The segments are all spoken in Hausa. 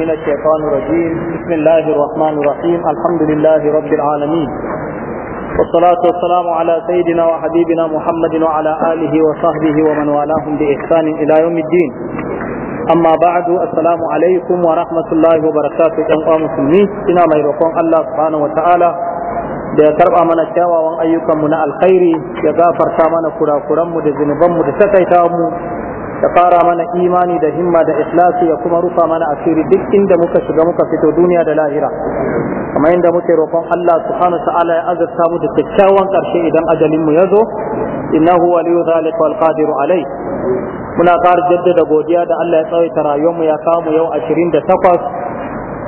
من الشيطان الرجيم بسم الله الرحمن الرحيم الحمد لله رب العالمين والصلاة والسلام على سيدنا وحبيبنا محمد وعلى آله وصحبه ومن والاهم بإحسان إلى يوم الدين أما بعد السلام عليكم ورحمة الله وبركاته أنقى مسلمين إنا ما يرقون الله سبحانه وتعالى da ya karba mana kyawawan ayyukanmu na alkhairi ya gafarta mana kurakuranmu da ya fara mana imani da himma da ikhlasi ya kuma rufa mana asiri duk inda muka shiga muka fito duniya da lahira kamar inda muke roƙon Allah subhanahu wa ta'ala ya azurta mu da kyakkyawan ƙarshe idan ajalin mu ya zo innahu waliyu zalika wal qadiru alai muna ƙara jaddada godiya da Allah ya tsawaita rayuwar mu ya kamu yau 28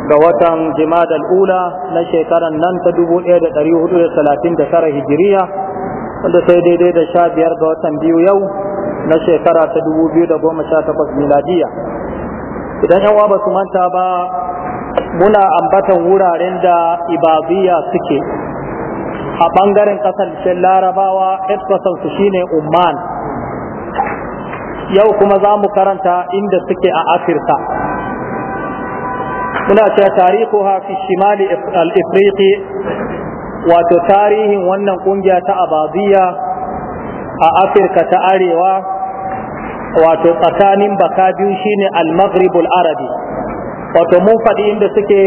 ga watan Jumadal Ula na shekaran nan ta 1439 Hijiriya wanda sai daidai da 15 ga watan biyu yau na shekara ta 2018 miladiya idan yan uwa ba su manta ba muna ambatan wuraren da ibadiyya suke a bangaren kasashen larabawa su shine umman yau kuma za mu karanta inda suke a afirka muna cewa tarihuha fi shimali al-ifriqi wato tarihin wannan kungiya ta abadiyya a afirka ta arewa wato tsakanin baka biyu shine al-maghribul arabi wato mun faɗi inda suke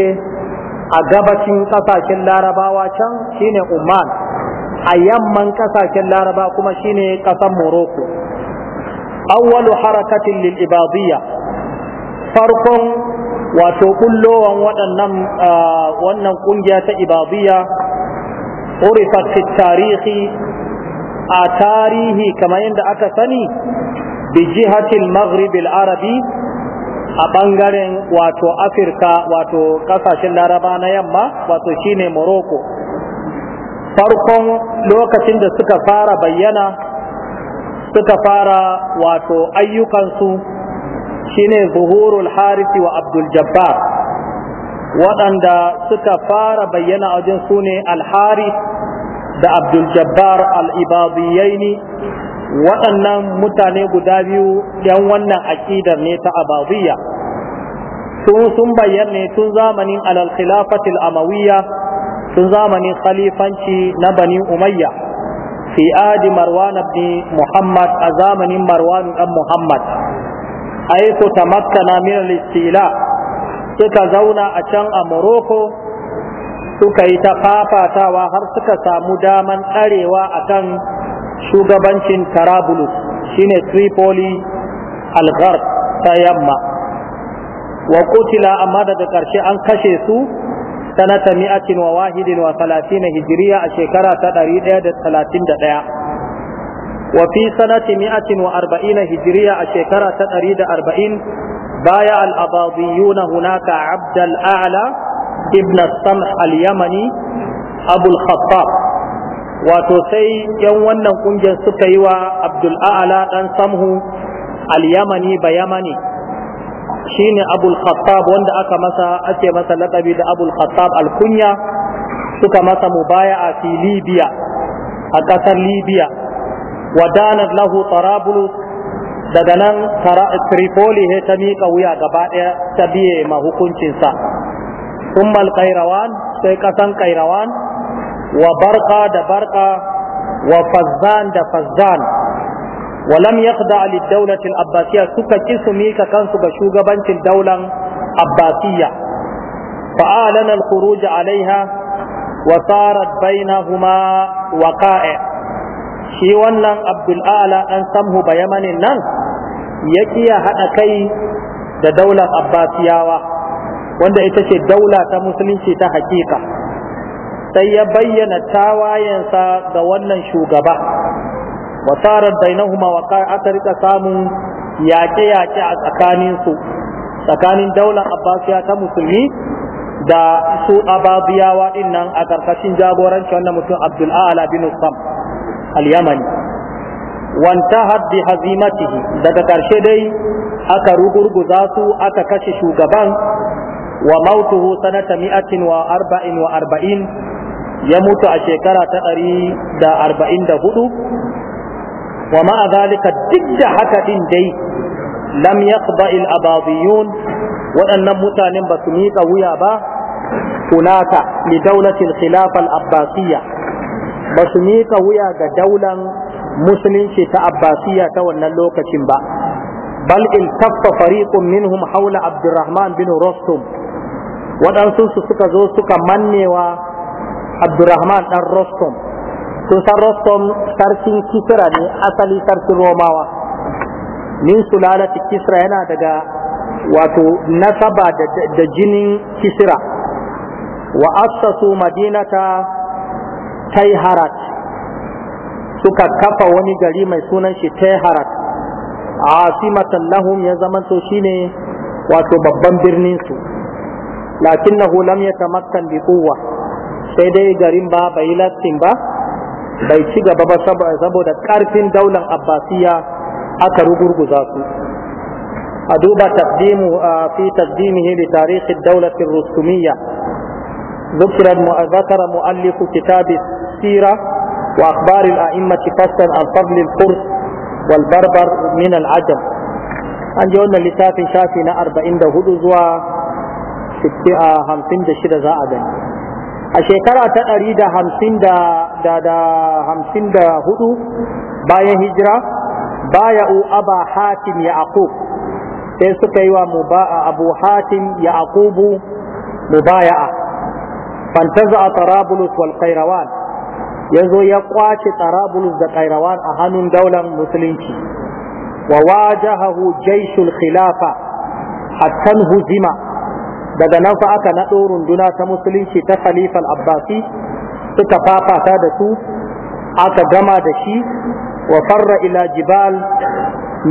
a gabacin ƙasashen larabawa can shine umman a yamman ƙasashen laraba kuma shine ƙasar morocco awwalu harakatin lil ibadiyya farkon wato kullowan waɗannan ah, wannan ƙungiya ta ibadiyya urifat fi tarihi a tarihi kamar yadda aka sani bi jihatil maghrib arabi a bangaren wato afirka wato ƙasashen laraba na yamma wato shine morocco farkon lokacin da suka fara bayyana suka fara wato ayyukansu shine zuhurul harisi wa abdul jabbar waɗanda suka fara bayyana wajen su ne alharis da Abduljabbar jabbar al-ibadiyaini waɗannan mutane guda biyu yan wannan aƙidar ne ta abadiyya sun sun ne tun zamanin alal amawiyya tun zamanin khalifanci na bani umayya fi adi marwan ibn muhammad a zamanin marwan dan muhammad ai ko tamakkana min al-istila suka zauna a can a morocco suka yi ta fafatawa har suka samu daman tsarewa kan shugabancin Tarabulus shine Tripoli al ta yamma wa kutila amma daga ƙarshe an kashe su sanata mi'atin wa wahidin wa talatina hijiriya a shekara ta ɗari ɗaya da talatin da ɗaya wa fi sanati mi'atin wa arba'ina hijiriya a shekara ta ɗari da arba'in baya al-abadiyuna hunaka abdal a'la ibn samh al-yamani abul khattab wato sai yan wannan kungiyar suka yi wa abdul a'la dan samhu al-yamani bayamani shine abul khattab wanda aka masa ake masa laqabi da abul khattab al-kunya suka masa mubaya'a fi libya a kasar libya wadana lahu tarabulus daga nan tripoli he ta miƙa wuya gaba ɗaya ta biye ma hukuncinsa ثم القيروان سيكسن قيروان وبرقا دبرقا وفزان دفزان ولم يخضع للدولة الأباسية سكا كسميك كان سكا شوغبانت الدولة الأباسية فأعلن الخروج عليها وصارت بينهما وقائع shi wannan abdul'ala an samhu ba yamanin nan ya kiya haɗa kai da daular abbasiyawa wanda ita ce daula ta musulunci ta hakika sai ya bayyana tawayensa ga wannan shugaba wasarar bainahuma wa aka rika samun yaƙe-yaƙe a tsakaninsu tsakanin daular abbasiya ta musulmi da su ababiyawa din nan a ƙarƙashin jagoranci wannan mutum abdul ala bin sam al-yamani wantahar haddi hazimatihi daga ƙarshe dai aka rugurguza su aka kashe shugaban wa mautuhu sanata mi'atin wa arba'in ya mutu a shekara ta ɗari da arba'in da hudu wa ma'a zalika duk da haka din dai lam yaqba al abadiyun waɗannan mutanen ba su miƙa wuya ba hunaka li daulatil khilafa al abbasiyya ba su miƙa wuya ga daulan musulunci ta abbasiyya ta wannan lokacin ba bal iltaffa fariqun minhum haula abdurrahman bin rustum waɗansu su suka zo suka mannewa abdurrahman ɗan rostom sun san rostom sarkin kisra ne asali sarkin romawa min sulalati kisra yana daga wato nasaba da jinin kisra wa assasu madinata taiharat suka kafa wani gari mai sunan shi taiharat asimatan lahum ya zamanto shine wato babban birnin su lakinnahu lam yatamakkan bi quwwa sai dai garin ba bai latin ba bai ci gaba ba saboda karfin daular abbasiya aka rugurguza su a duba taqdimu fi taqdimihi bi tarihi ad-dawlati ar-rustumiyya ذكر ذكر مؤلف كتاب السيرة وأخبار الأئمة فصلا عن فضل الفرس والبربر من العجم an ji littafin shafi na arba'in da hudu zuwa shida za a gani a shekara ta ɗari da hamsin da hudu bayan hijira baya u aba hatim ya sai suka yi wa abu hatim ya aqubu mubaya'a fantaza a tarabulus wal Kairawan ya zo ya kwace tarabulus da Kairawan a hannun daular musulunci wa wajahahu jaishul khilafa hatta huzima daga nan fa aka naɗo runduna ta musulunci ta khalifal abbasi suka fafata da su aka gama da shi wa farra ila jibal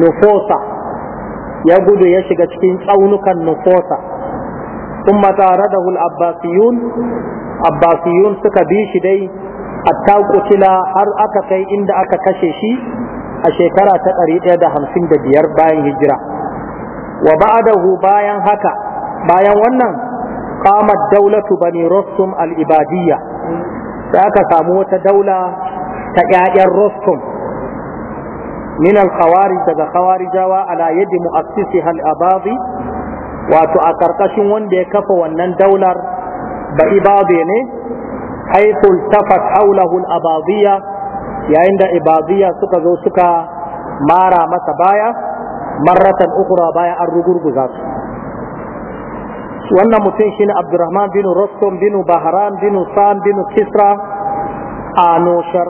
nufosa ya gudu ya shiga cikin tsaunukan nufosa sun matara da abbasiyun abbasiyun suka bi shi dai A takutila har aka kai inda aka kashe shi a shekara ta 155 bayan hijira wa ba'adahu bayan haka bayan wannan kamar daulatu bani rostum al'ibadiya, ibadiyya sai aka samu wata daula ta ƴaƴan rostum min al-khawarij daga khawarijawa ala yadi mu'assisiha al wato a ƙarƙashin wanda ya kafa wannan daular ba ibade ne haythu tafat hawlahu al yayin da ibadiyya suka zo suka mara masa baya marratan ukura baya an rugurguza su wannan mutum shine abdurrahman binu rostom binu baharan binu sam binu kisra anushar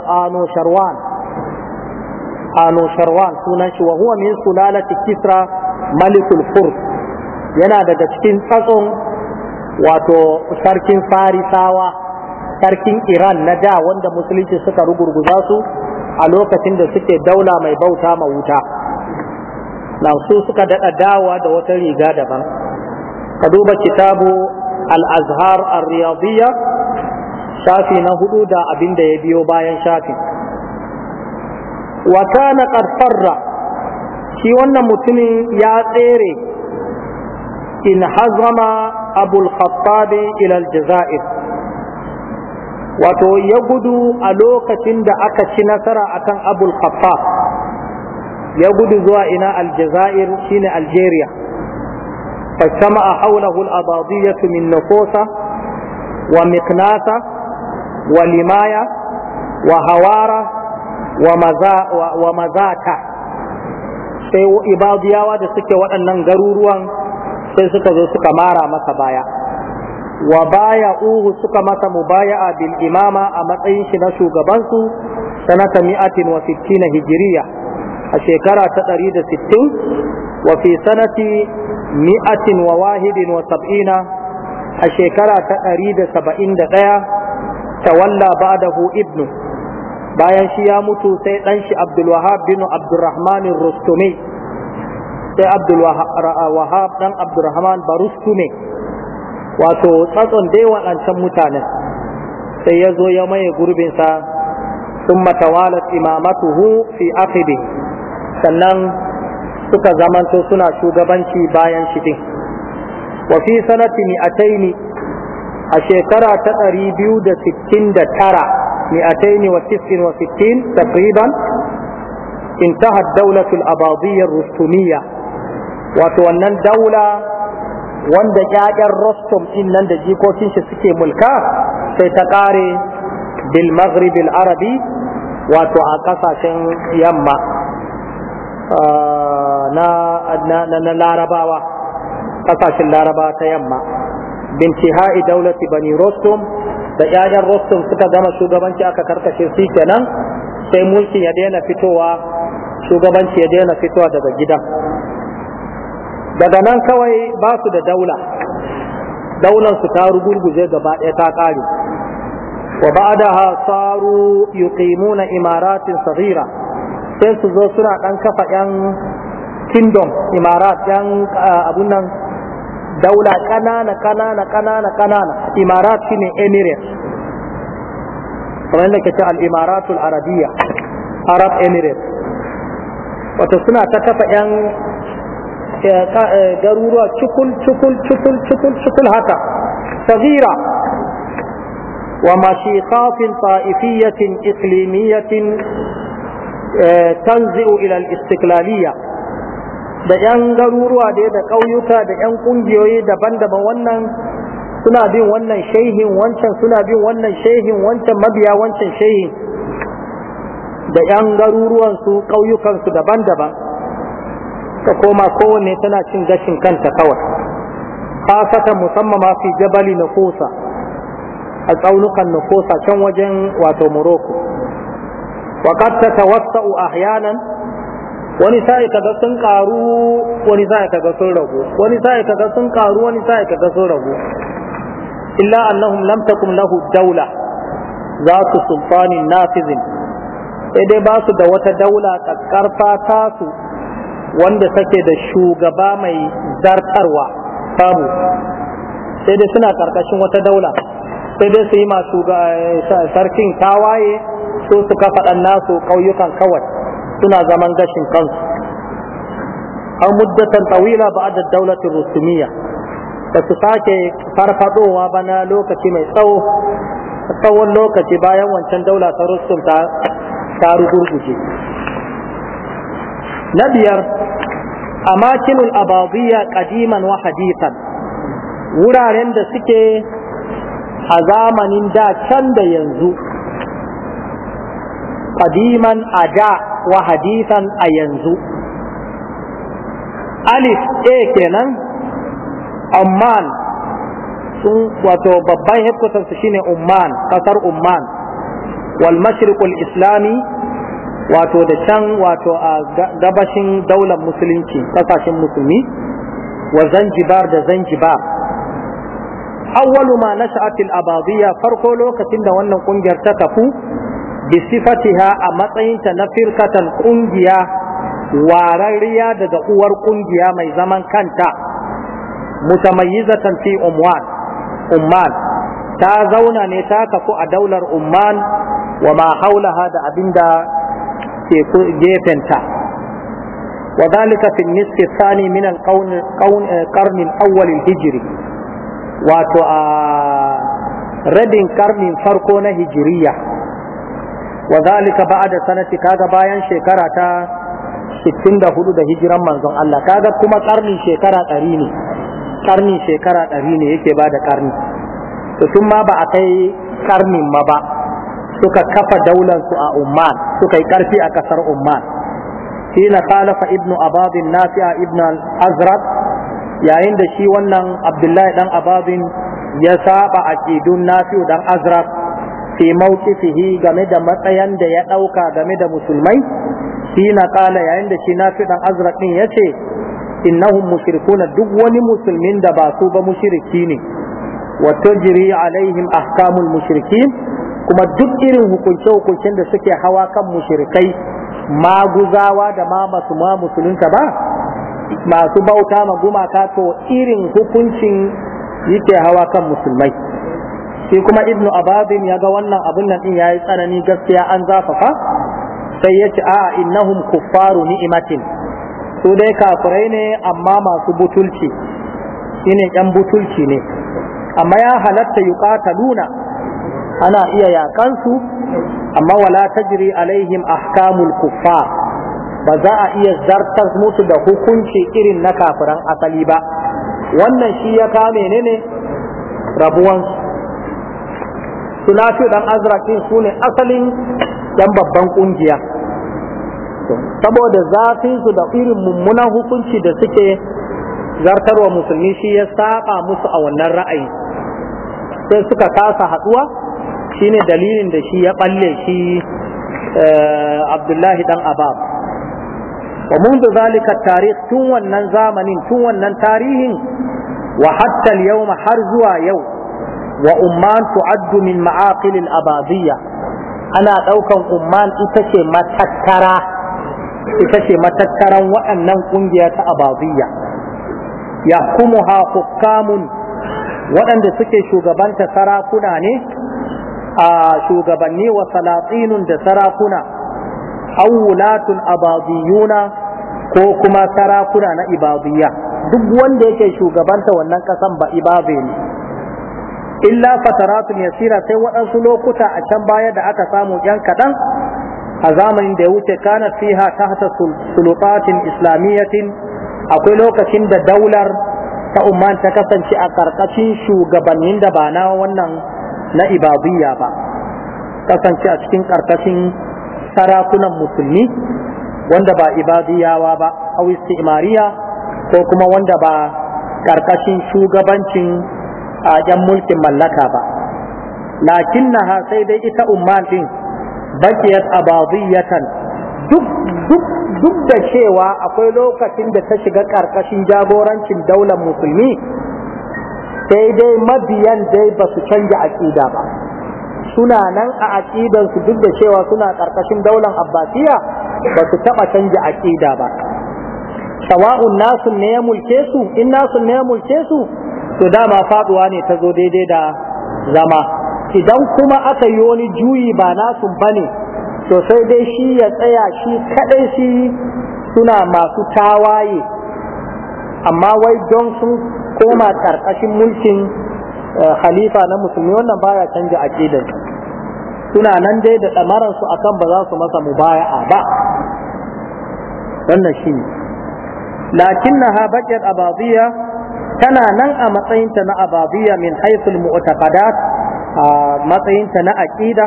A sunan shi wa huwa min sulalati kisra malikul furs yana daga cikin tsatson wato sarkin farisawa sarkin iran na da wanda musulunci suka rugurguza su a lokacin da suke daula mai bauta ma wuta na su suka daɗa dawa da wata riga daban ka duba kitabu al-azhar al riyadiyya shafi na hudu da abin da ya biyo bayan shafi. wa kana qad farra shi wannan mutumin ya tsere in hazama abul ila al-jazair wato ya gudu a lokacin da aka ci nasara akan abul khattab ya gudu zuwa ina aljazair shine algeria فاجتمع حوله الأباضية من نفوسة ومقناطة ولماية وهوارة ومزاكة sai ibadiyawa da suke waɗannan garuruwan sai suka zo suka mara masa baya wa baya uhu suka masa mubaya'a bil imama a matsayin shi na shugabansu sanata mi'atin wa sittina hijiriya a shekara ta 160 wa fi sanati mi'atin wa wahidin wa sab'ina a shekara ta 171 tawalla ba'dahu ibnu bayan shi ya mutu sai dan shi Abdul Wahhab bin Abdurrahman Rustumi sai Abdul Wahhab dan Abdurrahman Barustumi wato tsatson dai waɗancan mutanen sai ya zo ya maye gurbinsa ثم توالت إمامته في أخذه sannan suka zamanto suna shugabanci bayan shi din wa fi sanati mi'ataini a shekara ta ɗari biyu da sittin da tara mi'ataini wa tisin wa sittin takriban intahat daulatul abadiyyar rustumiyya wato wannan daula wanda ƴaƴan Rostom ɗin nan da jikokin shi suke mulka sai ta ƙare bil Maghrib Arabi wato a ƙasashen yamma na larabawa kasashen larabawa ta yamma bintihai daulati bani rostom da 'ya'yan rostom suka gama shugabanci aka karkashe su kenan sai mulki ya daina fitowa shugabanci ya daina fitowa daga gidan daga nan kawai ba su da daula daular su ta rugurguje gaba ɗaya ta ƙare wa ba'daha saru yuqimuna imaratin saghira sai su zo suna ɗan kafa 'yan kingdom imarat 'yan ah, abun nan daula ƙanana ƙanana ƙanana ƙanana imarat shine emirates kamar yadda kace al-imaratul arabiyya arab emirates wato suna ta kafa 'yan eh, eh, garuruwa cukul, cukul, cukul, cukul, cukul, haka sagira wa mashiqatin ta'ifiyatin iqlimiyatin Eh, tanzi'u ila al-istiqlaliyya da yan garuruwa da da ƙauyuka da yan kungiyoyi daban-daban wannan suna bin wannan shehin wancan suna bin wannan shehin wancan mabiya wancan shehin da yan garuruwan su kauyukan su daban-daban ta koma kowanne tana cin gashin kanta kawai khasatan musamman ma fi jabali kosa a tsaunukan na kosa can wajen wato Morocco wa qad tatawassa'u ahyanan wani sai kaga sun karu wani sai kaga sun ragu wani sai kaga sun karu wani sai kaga sun ragu illa annahum lam takum lahu dawla za su sultani nafizin sai dai ba su da wata daula kakkarfa su wanda take da shugaba mai zartarwa babu sai dai suna karkashin wata daula sai dai su yi masu eh, sarkin waye, su su kafa ɗan nasu ƙauyukan kawai suna zaman gashin kansu an muddatan tawila ba da daulatin rusumiya, da su sake farfadowa ba na lokaci mai tsawo tsawon lokaci bayan wancan daula ta rusum ta rugurguje na biyar amakinul ababiyya kadiman wa hadithan wuraren da suke a zamanin da can da yanzu qadiman a da wa hadisan a yanzu alif a kenan amman sun wato babban headquarters shine umman kasar umman wal mashriqul islami wato da can wato a gabashin daular musulunci kasashen musulmi wa zanjibar da zanjibar awwalu ma nasha'at a Baziya farko lokacin da wannan ƙungiyar ta kafu bi sifatiha a matsayinta na firkatan ƙungiya wararriya daga uwar ƙungiya mai zaman kanta mutamayyizatan fi umwan umman ta zauna ne ta kafu a daular umman wa ma haulaha da abinda ke gefenta وذلك في النصف الثاني من القرن الأول wato a rabin karnin farko na hijiriya wa zalika ba'da sanati kaga bayan shekara ta 64 da hijiran manzon Allah kaga kuma karnin shekara 100 ne karnin shekara 100 ne yake bada karni to tun ma ba a kai karnin ma ba suka kafa daular su a Umman suka yi karfi a kasar Umman shine khalafa ibnu abadin nafi'a ibn al-azraq yayin da shi wannan abdullahi dan ababin ya saba a kidun nafi'u dan azraq fi mawqifihi game da matsayin da ya dauka game da musulmai shi na kala yayin da shi nafi'u dan azraq din yace innahum mushrikuna duk wani musulmin da ba su ba mushriki ne wa tajri alaihim ahkamul mushrikin kuma duk irin hukunce hukuncen da suke hawa kan mushrikai maguzawa da ma masu ma musulunta ba masu bauta ma gumaka to irin hukuncin yake hawa kan musulmai shi kuma ibnu ababin ya ga wannan abin nan din yayi tsanani gaskiya an zafafa sai ya ce a innahum kuffaru ni'imatin su dai kafirai ne amma masu butulci shine yan butulci ne amma ya halatta yuqataluna ana iya yakansu amma wala tajri alaihim ahkamul kuffar ba za a iya zartar musu da hukunci irin na kafiran asali ba wannan shi ya kame ne ne na fi dan azrakin su ne asalin yan babban kungiya saboda zafin su da irin mummunan hukunci da suke zartarwa musulmi shi ya saba musu a wannan ra'ayi sai suka kasa haduwa shine dalilin da shi ya balle shi eh, abdullahi dan abab wa mundu zalika tarikh tun wannan zamanin tun wannan tarihin wa yau al har zuwa yau wa umman tu'addu min ma'aqil al ana ɗaukan umman ita ce matattara ita ce matattaran waɗannan kungiya ta abadiyya yahkumuha hukamun waɗanda suke shugabanta sarakuna ne a shugabanni wa salatinun da sarakuna awulatun abadiyuna ko kuma sarakuna na ibadiyya duk wanda yake shugabanta wannan kasan ba ibabe ne illa fataratun yasira sai waɗansu lokuta a can baya da aka samu yan kaɗan a zamanin da ya wuce kana fiha tahta sulutatin islamiyyatin akwai lokacin da daular ta umman ta kasance a karkashin shugabannin da ba na wannan na ibadiyya ba kasance a cikin karkashin sarakunan musulmi wanda ba ibadiyawa ba au istimariya ko kuma wanda ba karkashin shugabancin a yan mulkin mallaka ba lakin na ha sai dai ita umman din bakiyat abadiyatan duk duk duk da cewa akwai lokacin da ta shiga karkashin jagorancin daular musulmi sai dai mabiyan dai ba su canja aƙida ba suna nan a aƙidansu duk da cewa suna karkashin daular abbasiya ba su taba canja aqida ba sawa'un nasu ne ya mulke su in nasu ne ya mulke su to dama faduwa ne ta zo daidai da zama idan kuma aka yi wani juyi ba nasu bane to sai dai shi ya tsaya shi kadai shi suna masu tawaye amma wai don sun koma ƙarƙashin mulkin eh, khalifa na musulmi wannan baya canja aqidansu suna nan dai da ɗamararsu akan ba za su masa mubaya'a ba wannan shi ne na baqiyat abadiyya tana nan a matsayinta na ababiya min haythul mu'taqadat a matsayinta na aƙida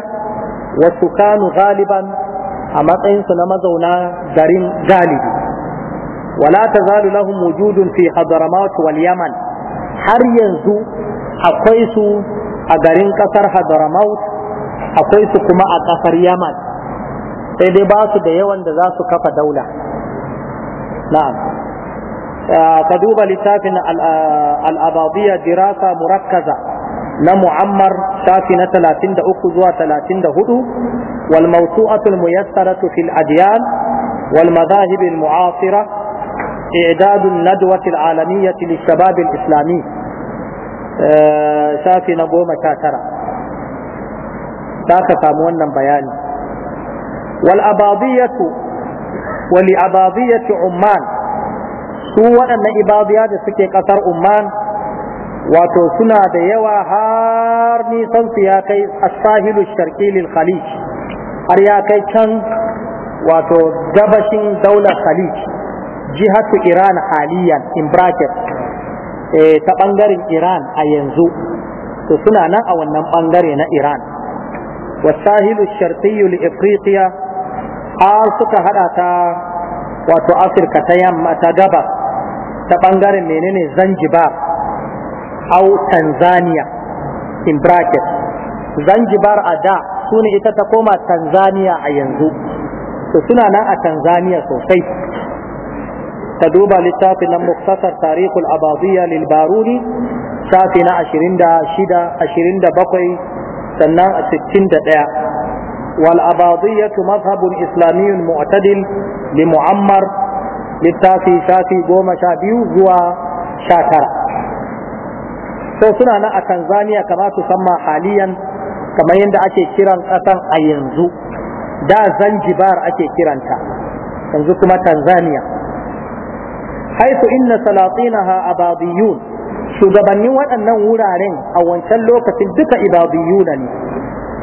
wa kanu galiban a matsayinsu na mazauna garin galibi wala tazalu lahu wujudun fi hadramaut wal yaman har yanzu akwai su a garin kasar hadramaut akwai su kuma a kasar yaman sai dai ba su da yawan da za su kafa daula na'am ka duba littafin al'abadiyya dirasa murakkaza na mu'ammar shafi na 33 zuwa 34 wal mawtu'atul muyassaratu fil adyan wal madahib al mu'asira إعداد الندوة العالمية للشباب الإسلامي شافي نبوة شاترة za ka samu wannan bayani wal abadiyatu umman su waɗannan ibadiya da suke ƙasar umman wato suna da yawa har nisan su ya kai asahilu sharqi lil khalij har ya kai can wato gabashin daular khalij jihatu iran haliyan in bracket eh, ta ɓangaren iran a yanzu to suna nan a wannan ɓangare na iran والساحل الشرقي لإفريقيا har suka haɗa ta wato afirka ta yamma ta gaba ta bangaren menene zanzibar au in bracket zanzibar a da suna ita ta koma tanzania a yanzu to suna nan a tanzania sosai ta duba littafi na muktasar tarihul abadiyya lil baruni shafi na 26 27 sannan a da ɗaya abadiyatu mazhabun islamiyyun mu'tadil li mu'ammar littafi shafi goma sha biyu zuwa sha tara so suna nan a tanzania kamar su san haliyan kamar yadda ake kiran ƙasan a yanzu da zanzibar ake kiranta yanzu kuma tanzania haitu inna salatinaha abadiyun shugabannin waɗannan wuraren a wancan lokacin duka ibadiyuna ne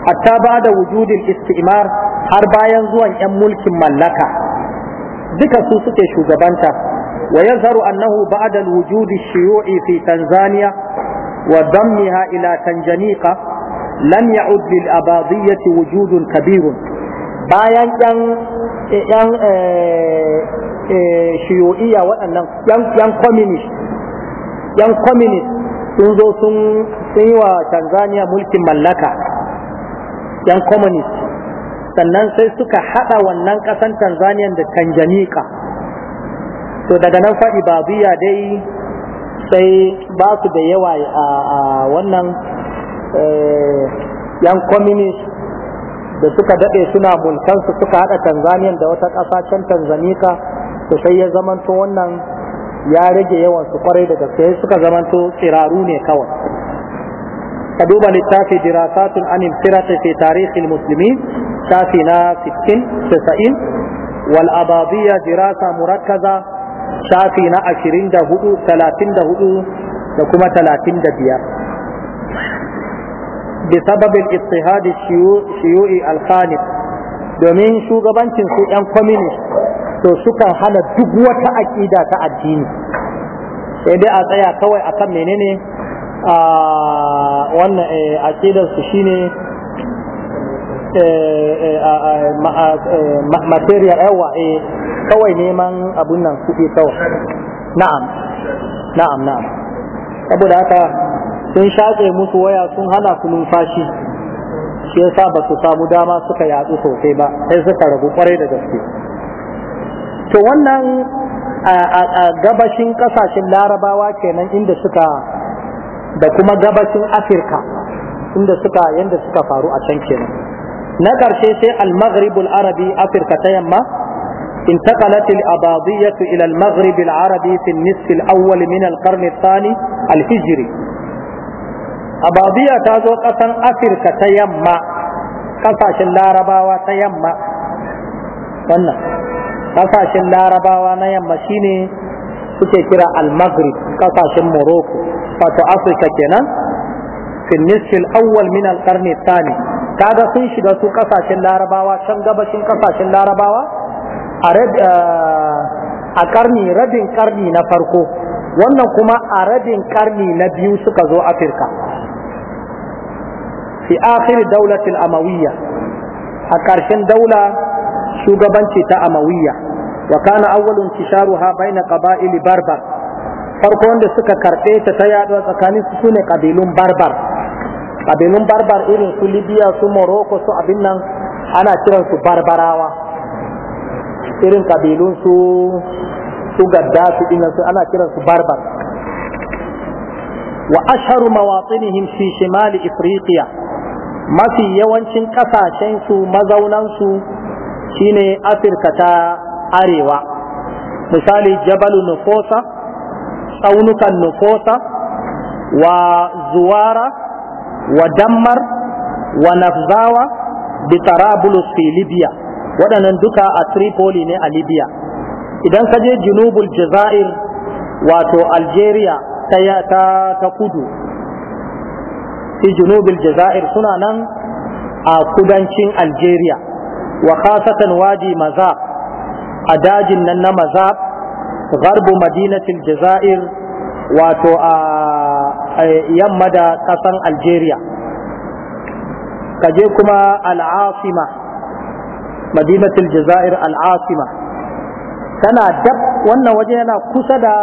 hatta ba da wujudin istimar har bayan zuwan 'yan mulkin mallaka duka su suke shugabanta wa yazharu annahu ba da wujud shiyu'i fi Tanzania wa dammiha ila Tanjaniqa lam ya'ud lil abadiyyati wujudun kabirun bayan 'yan yan eh, eh, shiyo'iya waɗannan yan communist yan communist sun zo sun yi wa tanzania mulkin mallaka yan communist sannan sai suka haɗa wannan ƙasan tanzania da tanjanika to daga nan faɗi babiya dai sai ba su da yawa a wannan eh, yan communist da suka daɗe suna mulkansu suka haɗa tanzania da wata ƙasa can tanzanika to sai ya zamanto wannan ya rage yawan su kwarai da gaske suka zamanto tsiraru ne kawai ka duba littafi dirasatun anin firata fi tarihin musulmi shafi na 60 90 wal abadiyya dirasa murakkaza shafi na 24 34 da kuma 35 بسبب الاضطهاد الشيوعي الخانق domin shugabancin su 'yan communist to sukan hana duk wata aƙida ta addini sai dai a tsaya kawai akan menene a wannan eh, aƙidar su shine eh, eh, material yawa kawai neman abun nan kuɗi kawai na'am na'am na'am saboda haka sun shaƙe musu waya sun hana su numfashi shi yasa ba su samu dama suka yatsu sosai ba sai suka ragu kwarai da gaske to wannan a gabashin kasashen larabawa kenan inda suka da kuma gabashin afirka inda suka yanda suka faru a can kenan na ƙarshe sai al-maghrib al-arabi afirka ta yamma انتقلت الأباضية إلى المغرب العربي في النصف الأول من القرن الثاني الهجري أباضية تازو قصن أفريقيا تيمّا قصاش اللاربا وتيمّا wannan kasashen larabawa na yamma shine suke kira al-maghrib kasashen morocco wato afirka kenan fil nisfil awwal min al-qarni thani kaga sun shiga su kasashen larabawa can gabashin kasashen larabawa a karni eh, rabin karni na farko wannan kuma a rabin karni na biyu suka zo afirka fi akhir daulatil amawiyya a ƙarshen daula shugabanci ta amawiyya wa kana awwalu intisharuha baina qaba'il barbar farko wanda suka karbe ta ta yaduwa tsakanin su sune kabilun barbar kabilun barbar irin su libya su morocco su abin nan ana kiran su barbarawa irin kabilun su su gadda su dinnan su ana kiran su barbar wa asharu mawatinihim fi shimali ifriqiya mafi yawancin kasashen su mazaunan su shine afirka ta arewa misali jabalu nufosa tsaunukan nufosa wa zuwara wa dammar wa nafzawa da tarabulus fi libya waɗannan duka a tripoli ne a libya idan ka je junubul jazair wato algeria ta kudu fi junubul jazair suna nan a kudancin algeria wa khasatan wadi maza a dajin nan na maza garbu madinatil jazair wato a yamma da kasan algeria kaje kuma al'asima madinatul jazair al'asima tana dab wannan waje yana kusa da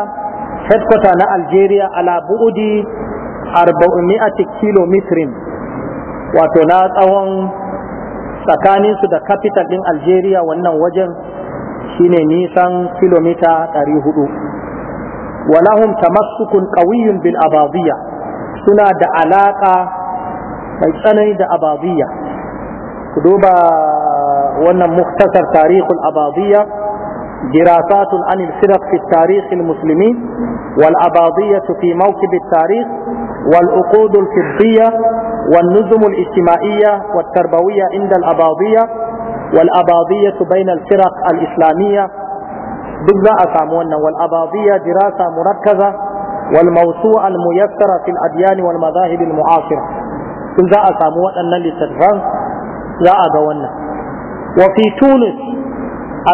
headquarter na algeria ala bu'udi 400 kilometrin wato na tsawon tsakaninsu da capital din algeria wannan wajen shine nisan kilomita 400 walahum tamassukun qawiyyun bil abadiyya suna da alaka mai tsanani da abadiyya ku duba wannan mukhtasar tarihul abadiyya دراسات عن الفرق في التاريخ المسلمين والأباضية في موكب التاريخ والأقود الفضية والنظم الاجتماعية والتربوية عند الأباضية والأباضية بين الفرق الإسلامية بذاء سامونا والأباضية دراسة مركزة والموسوعة الميسرة في الأديان والمذاهب المعاصرة بذاء سامونا لتدفن لا أدونا وفي تونس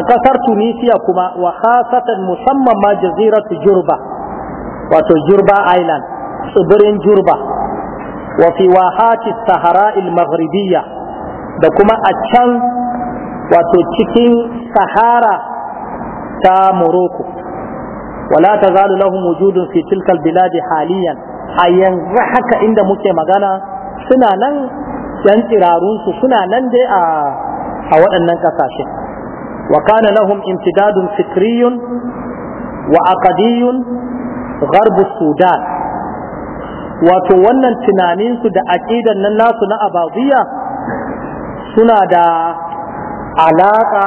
أكثر تونسيا كما وخاصة مصمم جزيرة جربة وتجربة آيلان tsibirin جربة wa fi wahati il maghribiyya da kuma a can wato cikin sahara ta Maroko. wala tazalu lahum wujudin fi biladi albilad haliyan a yanzu haka inda muke magana suna nan yan tsirarunsu suna nan dai a a waɗannan ƙasashe wa kana lahum imtidadun fikriyun wa aqadiyun gharbu sudan wato wannan tunaninsu da aƙidan nan nasu na abaziya suna da alaƙa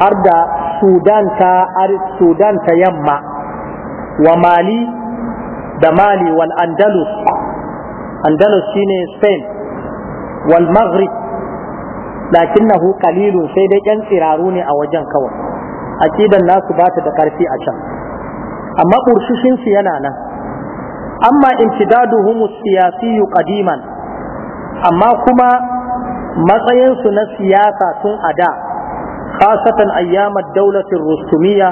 har da sudan ta sudan ta yamma wa mali da mali wal andalus andalus shine spain wal maghrib lakinnahu qalilun sai dai yan tsiraru ne a wajen kawai aqidan nasu ba ta da karfi a can amma burshishin su yana nan amma imtidaduhum siyasi qadiman amma kuma matsayinsu na siyasa tun a da khasatan ayyamad daulatin rustumiya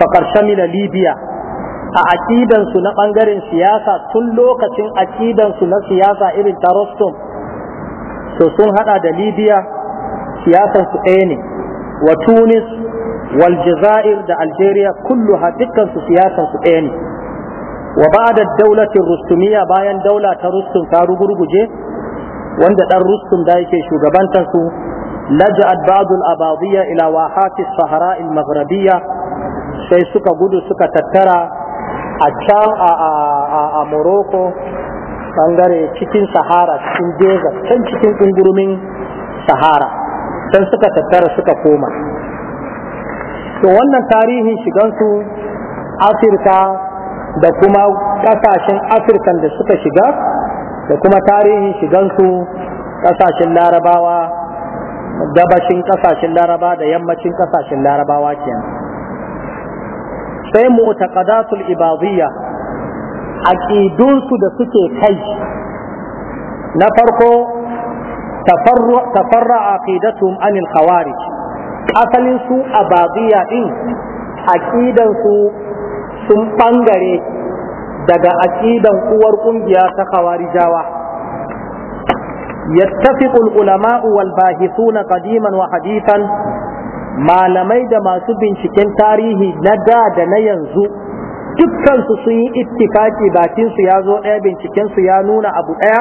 faƙar shamila libya a aƙidansu na ɓangaren siyasa tun lokacin aƙidansu na siyasa irin ta rustum to sun haɗa da libya siyasansu ɗaya ne wa tunis wal jazair da algeria kullu dukkansu siyasansu ɗaya ne wa ba'da daulatin rustumiya bayan daula ta rustum ta rugurguje wanda dan rustum da yake shugabantar su laja'at ba'd al-abadiyya ila wahati sahara al sai suka gudu suka tattara a can a a a, Morocco bangare cikin Sahara cikin Desert can cikin kungurumin Sahara can suka tattara suka koma to wannan tarihin shigansu Afirka da kuma kasashen afirkan da suka shiga da kuma tarihin shigansu kasashen larabawa gabashin kasashen laraba da yammacin kasashen larabawa kenan sai mu mu'taqadatul ibadiyya aqidunsu da suke kai na farko tafarra aqidatuhum anil khawarij asalin su abadiyya din aqidansu su sun ɓangare daga aƙidan uwar ƙungiya ta khawarijawa yattafiqu al-ulama'u wal bahithuna qadiman wa hadithan malamai da masu binciken tarihi na da da na yanzu dukkansu sun yi ittifaki su ya zo ɗaya bincikensu ya nuna abu ɗaya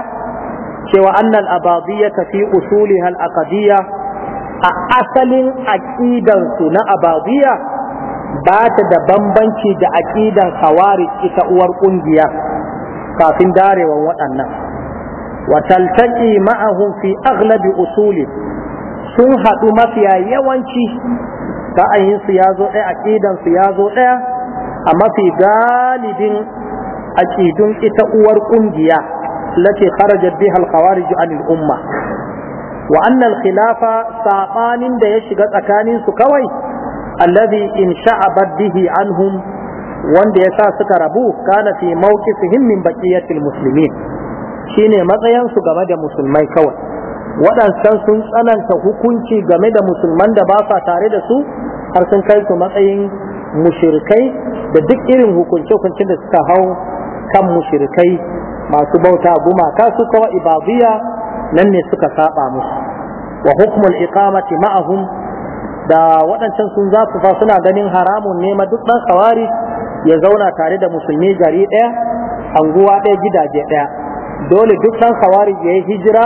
cewa annal ababiyya ta fi usuli hal a asalin aƙidansu na ababiyya ba ta da bambanci da aƙidan khawarij ita uwar ƙungiya kafin darewan waɗannan wa taltaqi ma'ahum fi aghlabi usuli sun haɗu mafiya yawanci ra'ayinsu ya zo ɗaya su ya zo ɗaya a mafi galibin aƙidun ita uwar ƙungiya lati kharajat biha al-khawarij an al-umma wa khilafa saɓanin da ya shiga tsakaninsu kawai alladhi in sha'abat bihi anhum wanda ya sa suka rabu kana fi mawqifihim min baqiyatil muslimin shine matsayin su game da musulmai kawai waɗansan sun tsananta hukunci game da musulman da ba sa tare da su har sun kai su matsayin mushirikai da duk irin hukunce-hukuncin da suka hau kan mushirikai masu bauta gumaka su kawai ibadiyya nan ne suka saba musu wa hukmul iqamati ma'ahum da waɗancan sun za su fa suna ganin haramun nema duk ɗan kawari ya zauna tare da musulmi gari ɗaya anguwa ɗaya gidaje ɗaya dole duk ɗan kawari ya yi hijira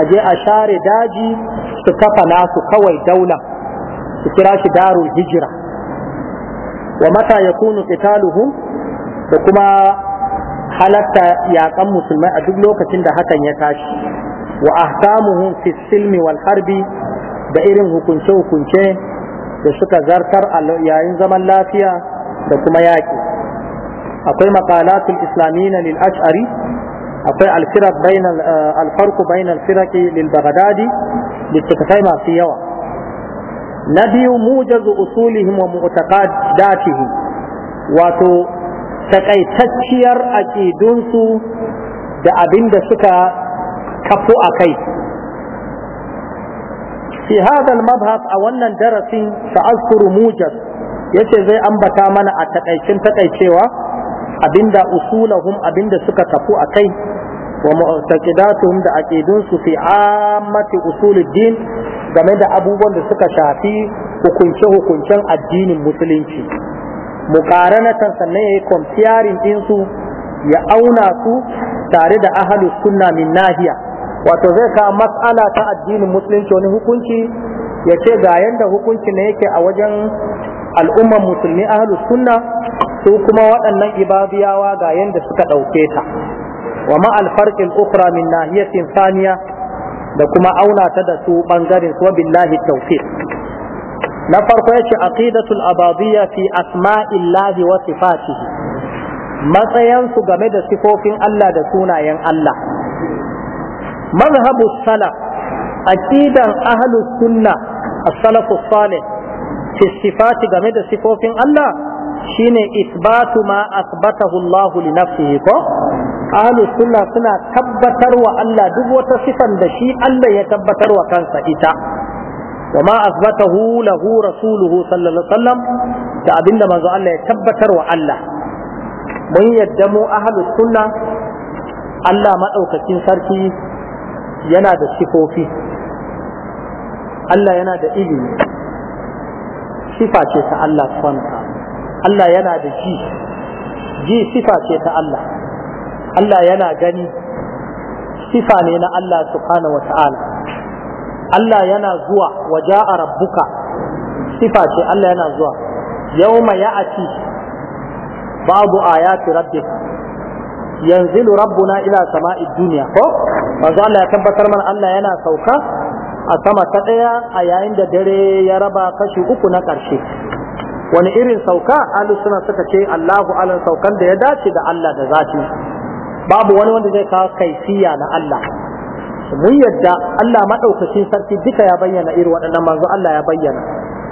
a je a share daji su kafa nasu kawai daula su kira shi darul hijira wa mata ya kunu qitaluhum da kuma halatta yaƙan musulmai a duk lokacin da hakan ya tashi wa ahkamuhum fi silmi wal harbi da irin hukunce-hukunce da suka zartar yayin zaman lafiya da kuma yaƙi akwai maqalatul islamiyya lil ash'ari akwai alfirak bainal eh, alfarqu lil baghdadi littattafai masu yawa na biyu mujazu usulihim wa mu'taqadatihim wato takaitacciyar aƙidunsu da abin da suka kafu a kai Ihazal hadha a wannan darasin sa'azkuru mujaz yace zai ambata mana a takaicin takaicewa abinda usulahum abinda suka kafu akai wa mu'taqidatuhum da aqidunsu fi ammati usuluddin game da abubuwan da suka shafi hukunce hukuncen addinin musulunci muqaranatan sannan yayi comparing din su ya auna su tare da ahlus sunna min nahiya wato zai ka mas'ala ta addinin musulunci wani hukunci ya ce ga yanda hukunci ne yake a wajen al'ummar musulmi ahlus sunna su kuma waɗannan ibabiyawa ga yadda suka ɗauke ta wa ma alfarqil ukra min nahiyatin saniya da kuma auna ta da su bangaren su billahi tawfiq na farko yace aqidatul abadiyya fi asma'illahi wa sifatihi matsayansu game da sifofin Allah da sunayen Allah mazhabu salaf aqidan ahlus sunna a salafu salih fi sifati game da sifofin Allah shine isbatu ma asbatahu Allah li nafsihi ko ahlus sunna suna tabbatarwa Allah duk wata sifan da shi Allah ya tabbatarwa kansa ita وما أثبته له رسوله صلى الله عليه وسلم تأبين لما الله يتبتر وألا من يدمو أهل السنة ألا ما أوكتين سركي yana da sifofi Allah yana da ilimi sifa ce ta Allah subhanahu Allah yana da ji ji sifa ce ta Allah Allah yana gani sifa ne na Allah subhanahu wata'ala Allah yana zuwa waje a rabbuka sifa ce Allah yana zuwa yawma ya'ati babu ayati rabbika yanzilu rabbuna ila sama'id dunya ko manzo Allah ya tabbatar mana Allah yana sauka a sama ta daya a yayin da dare ya raba kashi uku na karshe wani irin sauka ahlus suna suka ce Allahu alan saukan da ya dace da Allah da zati babu wani wanda zai kawo kaifiya na Allah mun yadda Allah madaukakin sarki duka ya bayyana irin waɗannan manzo Allah ya bayyana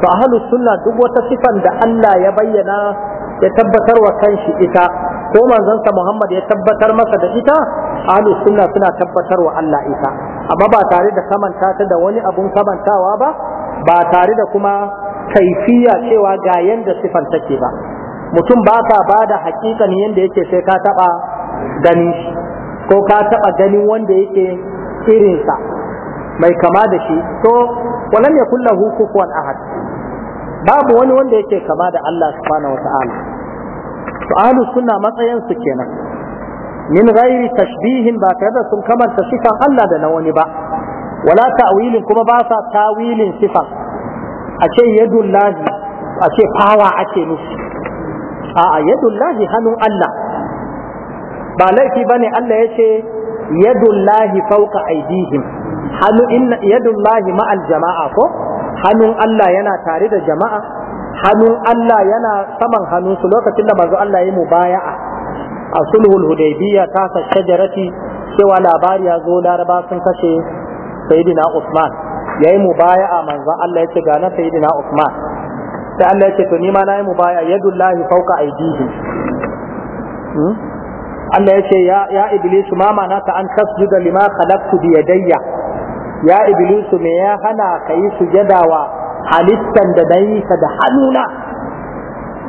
to ahlus sunna duk wata sifan da Allah ya bayyana ya tabbatar wa kanshi ita ko manzansa Muhammad ya tabbatar masa da ita ahli sunna suna tabbatar wa Allah ita amma ba tare da kamanta ta da wani abun kamantawa ba ba tare da kuma kaifiya cewa ga yanda sifan take ba mutum ba ka ba da hakikan yanda yake sai ka taba gani ko ka taba ganin wanda yake irinsa mai kama da shi to walam yakullahu kufuwan ahad babu wani wanda yake kama da Allah subhanahu wata'ala to suna matsayinsu kenan min ghairi tashbihin ba tare da sun kamanta sifan Allah da na wani ba wala ta'wilin kuma ba sa tawilin sifan a ce yadullahi a ce fawa ake nufi a'a yadullahi hannun Allah ba laifi bane Allah ya ce yadullahi fauka aydihim hannu inna yadullahi ma'al jama'a ko hannun Allah yana tare da jama'a hannun Allah yana saman hannunsu lokacin da manzo Allah ya mubaya'a a sulhul hudaybiyya ta sa shajarati cewa labari ya zo laraba sun kashe sayyidina Usman Ya yi yayi a manzo Allah ya ce, gane sayyidina Usman sai Allah ya ce, to ni ma na yi mubaya'a yadullahi fawqa aydihim hmm? Allah ya ce, ya iblis ma mana ta an tasjuda lima khalaqtu bi yadayya ya iblis me ya hana kai sujadawa halittan da na yi ka da hannuna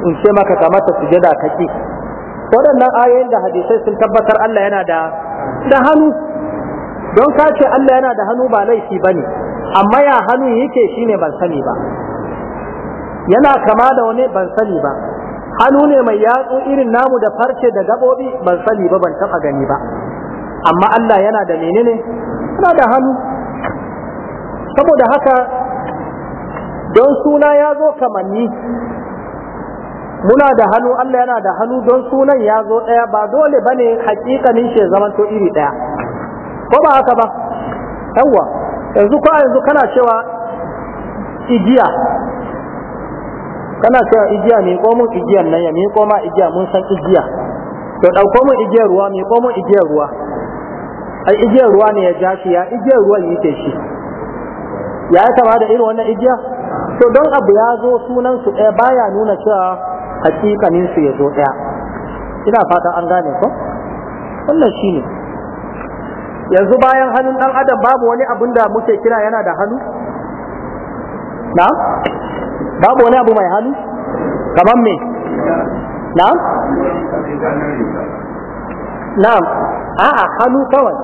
in ce maka kamata su jada kake waɗannan ayoyin da hadisai sun tabbatar Allah yana da da hannu don ka ce Allah yana da hannu ba laifi ba ne amma ya hannu yake ne ban sani ba yana kama da wani ban sani ba hannu ne mai yatsu irin namu da farce da gaɓoɓi ban sani ba ban taɓa gani ba amma Allah yana da menene yana da hannu saboda haka don suna ya zo kamanni muna da hannu Allah yana da hannu don sunan ya zo ɗaya ba dole ba ne hakikanin shi zaman to iri ɗaya ko ba haka ba yawwa yanzu ko yanzu kana cewa igiya kana cewa igiya mai komun igiyan nan ya mai koma igiya mun san igiya to ɗauko mun igiyar ruwa mai komun igiyar ruwa ai igiyar ruwa ne ya ja shi ya igiyar ruwan yake shi ya kama da irin wannan igiya to don abu ya zo sunan su ɗaya baya nuna cewa hakikanin su ya zo ɗaya ina fata an gane ko wannan shi ne. yanzu bayan hannun ɗan adam babu wani abun da muke kira yana da hannu na babu wani abu mai hannu kamar me na na a'a hannu kawai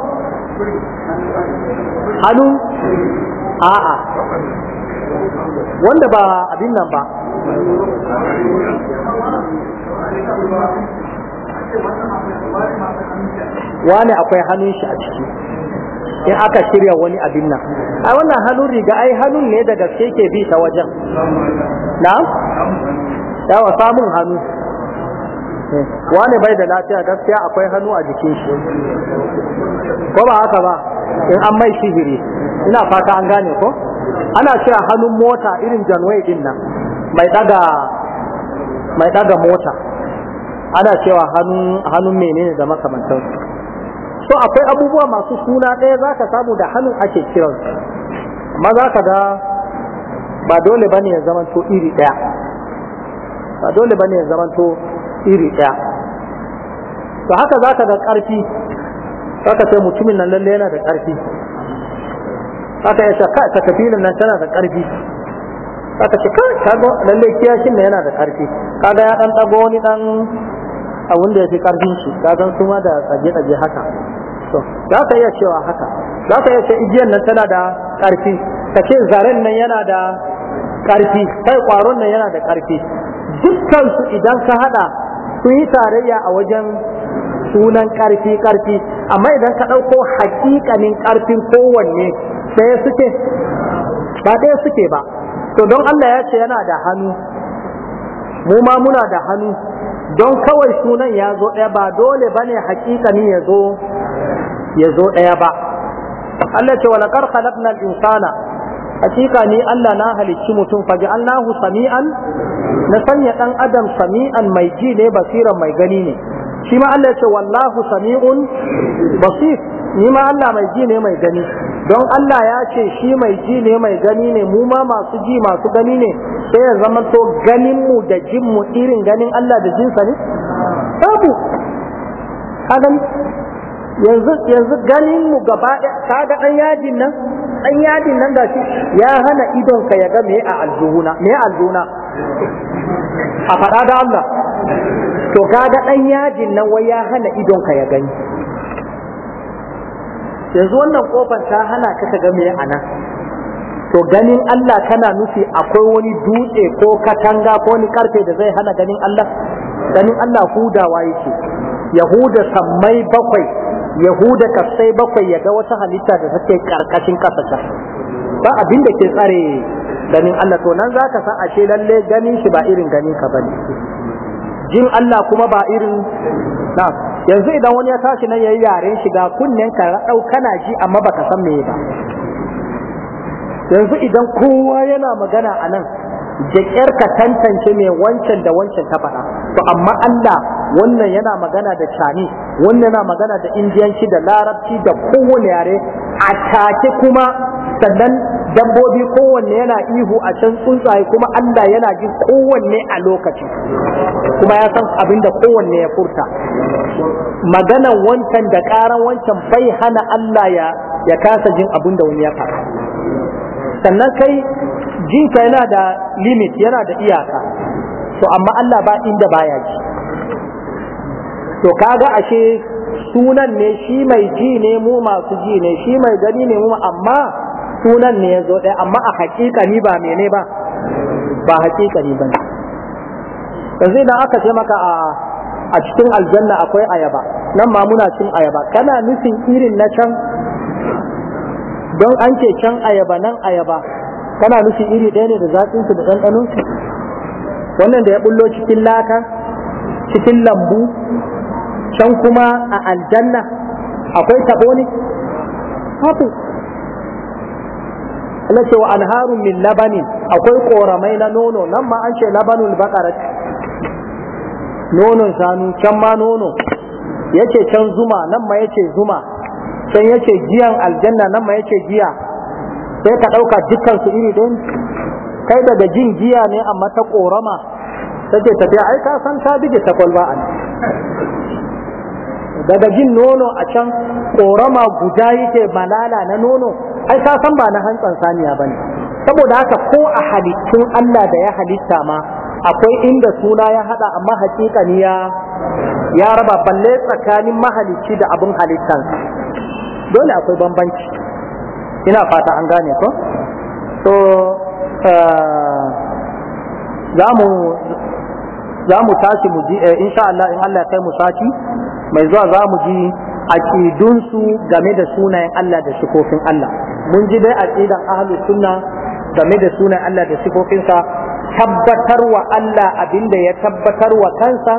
hannu a'a wanda ba abin nan ba wane akwai hannun shi a ciki in aka shirya wani abin nan a wannan hannun riga ai hannun ne da gaske ke bi ta wajen na? yawa samun hannu eh, wane bai da lafiya gaskiya akwai hannu a jikin shi ko ba haka ba in an mai shihiri ina fata an gane ko? ana cewa hannun mota irin janway din nan mai daga mai daga mota ana cewa hannun hannun menene da makamantan so akwai abubuwa masu suna ɗaya za ka samu da hannun ake kiran, amma ka da ba dole bane ya zamanto iri ɗaya ba dole bane ya zamanto iri ɗaya to haka ka da ƙarfi ka sai mutumin nan lalle yana da ƙarfi aka yi ka ta kafilin nan tana da ƙarfi aka ce kai ga lalle kiyashin ne yana da ƙarfi kaga ya dan dago wani dan abun da yake ƙarfin shi kaga su ma da tsaje tsaje haka to za ka iya cewa haka za ka iya ce igiyan nan tana da ƙarfi ka ce zaren nan yana da ƙarfi kai kwaron nan yana da ƙarfi dukkan su idan ka hada sun yi tarayya a wajen sunan ƙarfi ƙarfi amma idan ka ɗauko haƙiƙanin ƙarfin kowanne ɗaya suke ba ɗaya suke ba to don Allah ya ce yana da hannu mu ma muna da hannu don kawai sunan ya zo ɗaya ba dole bane hakikani ya zo ya zo ɗaya ba Allah ce wa laqad khalaqna insana hakika ni Allah na halicci mutum fa Allahu sami'an na sanya dan adam sami'an mai ji ne basiran mai gani ne shi ma Allah ce wallahu sami'un basir ni ma Allah mai ji ne mai gani don Allah ya ce shi mai ji ne mai gani ne mu ma masu ji masu gani ne sai ya zama to ganin mu da jin mu irin ganin Allah da jinsa ne babu kaga yanzu yanzu ganin mu gaba kaga an yadin nan an yadin nan da shi ya hana idon ka ya ga me a aljuhuna me aljuna a fada da Allah to kaga dan yadin nan wai ya hana idon ka ya gani yanzu wannan kofar ta hana ka ka game a nan, to ganin Allah kana nufi akwai wani dutse ko katanga ko wani karfe da zai hana ganin Allah ganin Allah hudawa yake yahuda sammai bakwai yahuda kasai bakwai ya ga wata halitta da take karkashin kasa ta ba abin da ke tsare ganin Allah to nan zaka san ashe lalle ganin shi ba irin ganin ka bane jin Allah kuma ba irin na yanzu idan wani ya tashi nan yayi yaren shiga kunnen ka raɗau kana ji amma baka san me ba yanzu idan kowa yana magana a nan jakiyar ka tantance mai wancan da wancan ta faɗa to amma Allah wannan yana magana da cani wannan yana magana da indiyanci da larabci da kowane yare a take kuma sannan dabbobi kowanne yana ihu a can tsuntsaye kuma Allah yana jin kowanne a lokaci kuma ya san abin da kowanne ya furta maganan wancan da karan wancan bai hana Allah ya ya kasa jin abin da wani ya faɗa sannan kai jinka yana da limit yana da iyaka to amma Allah ba inda baya ji to kaga ashe sunan ne shi mai ji ne mu masu ji ne shi mai gani ne mu amma sunan ne ya zo ɗaya amma a hakika ni ba mene ba ba ni ba ne yanzu idan aka ce maka a cikin aljanna akwai ayaba nan ma muna cin ayaba kana nufin irin na can don an ce can ayaba nan ayaba kana nufin iri ɗaya ne da su da su? wannan da ya bullo cikin laka cikin lambu can kuma a aljanna akwai tabo ne Allah ce wa anharun min labanin akwai koramai na nono nan ma an ce labanul baqara nonon sanu can ma nono yace can zuma nan ma yace zuma can yace giyan aljanna nan ma yace giya sai ka dauka dukkan su iri din kai daga jin giya ne amma ta korama take tafiya ai ka san ta bige ta kwalba an daga jin nono a can korama guda yake malala na nono ai ka san ba na hantsan saniya bane saboda haka ko a halittun Allah da ya halitta ma akwai inda suna ya hada amma hakikani ya ya raba balle tsakanin mahalicci da abun halittan dole akwai bambanci ina fata an gane ko so eh, za mu tashi mu ji eh, insha Allah in Allah ya kai mu sati mai zuwa za mu ji aƙidunsu game da sunayen Allah da sifofin Allah mun ji dai aqidan ahlus sunna game da sunayen Allah da sifofinsa tabbatar wa Allah abinda ya tabbatar wa kansa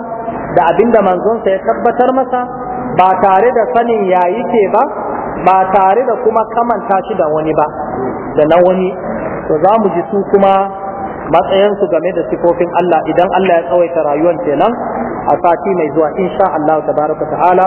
da abinda manzonsa ya tabbatar masa ba tare da sanin ya yake ba ba tare da kuma kamanta shi da wani ba da na wani to za mu ji su kuma matsayinsu game da sifofin Allah idan Allah ya tsawaita rayuwar kenan a sati mai zuwa insha Allah tabaraka ta'ala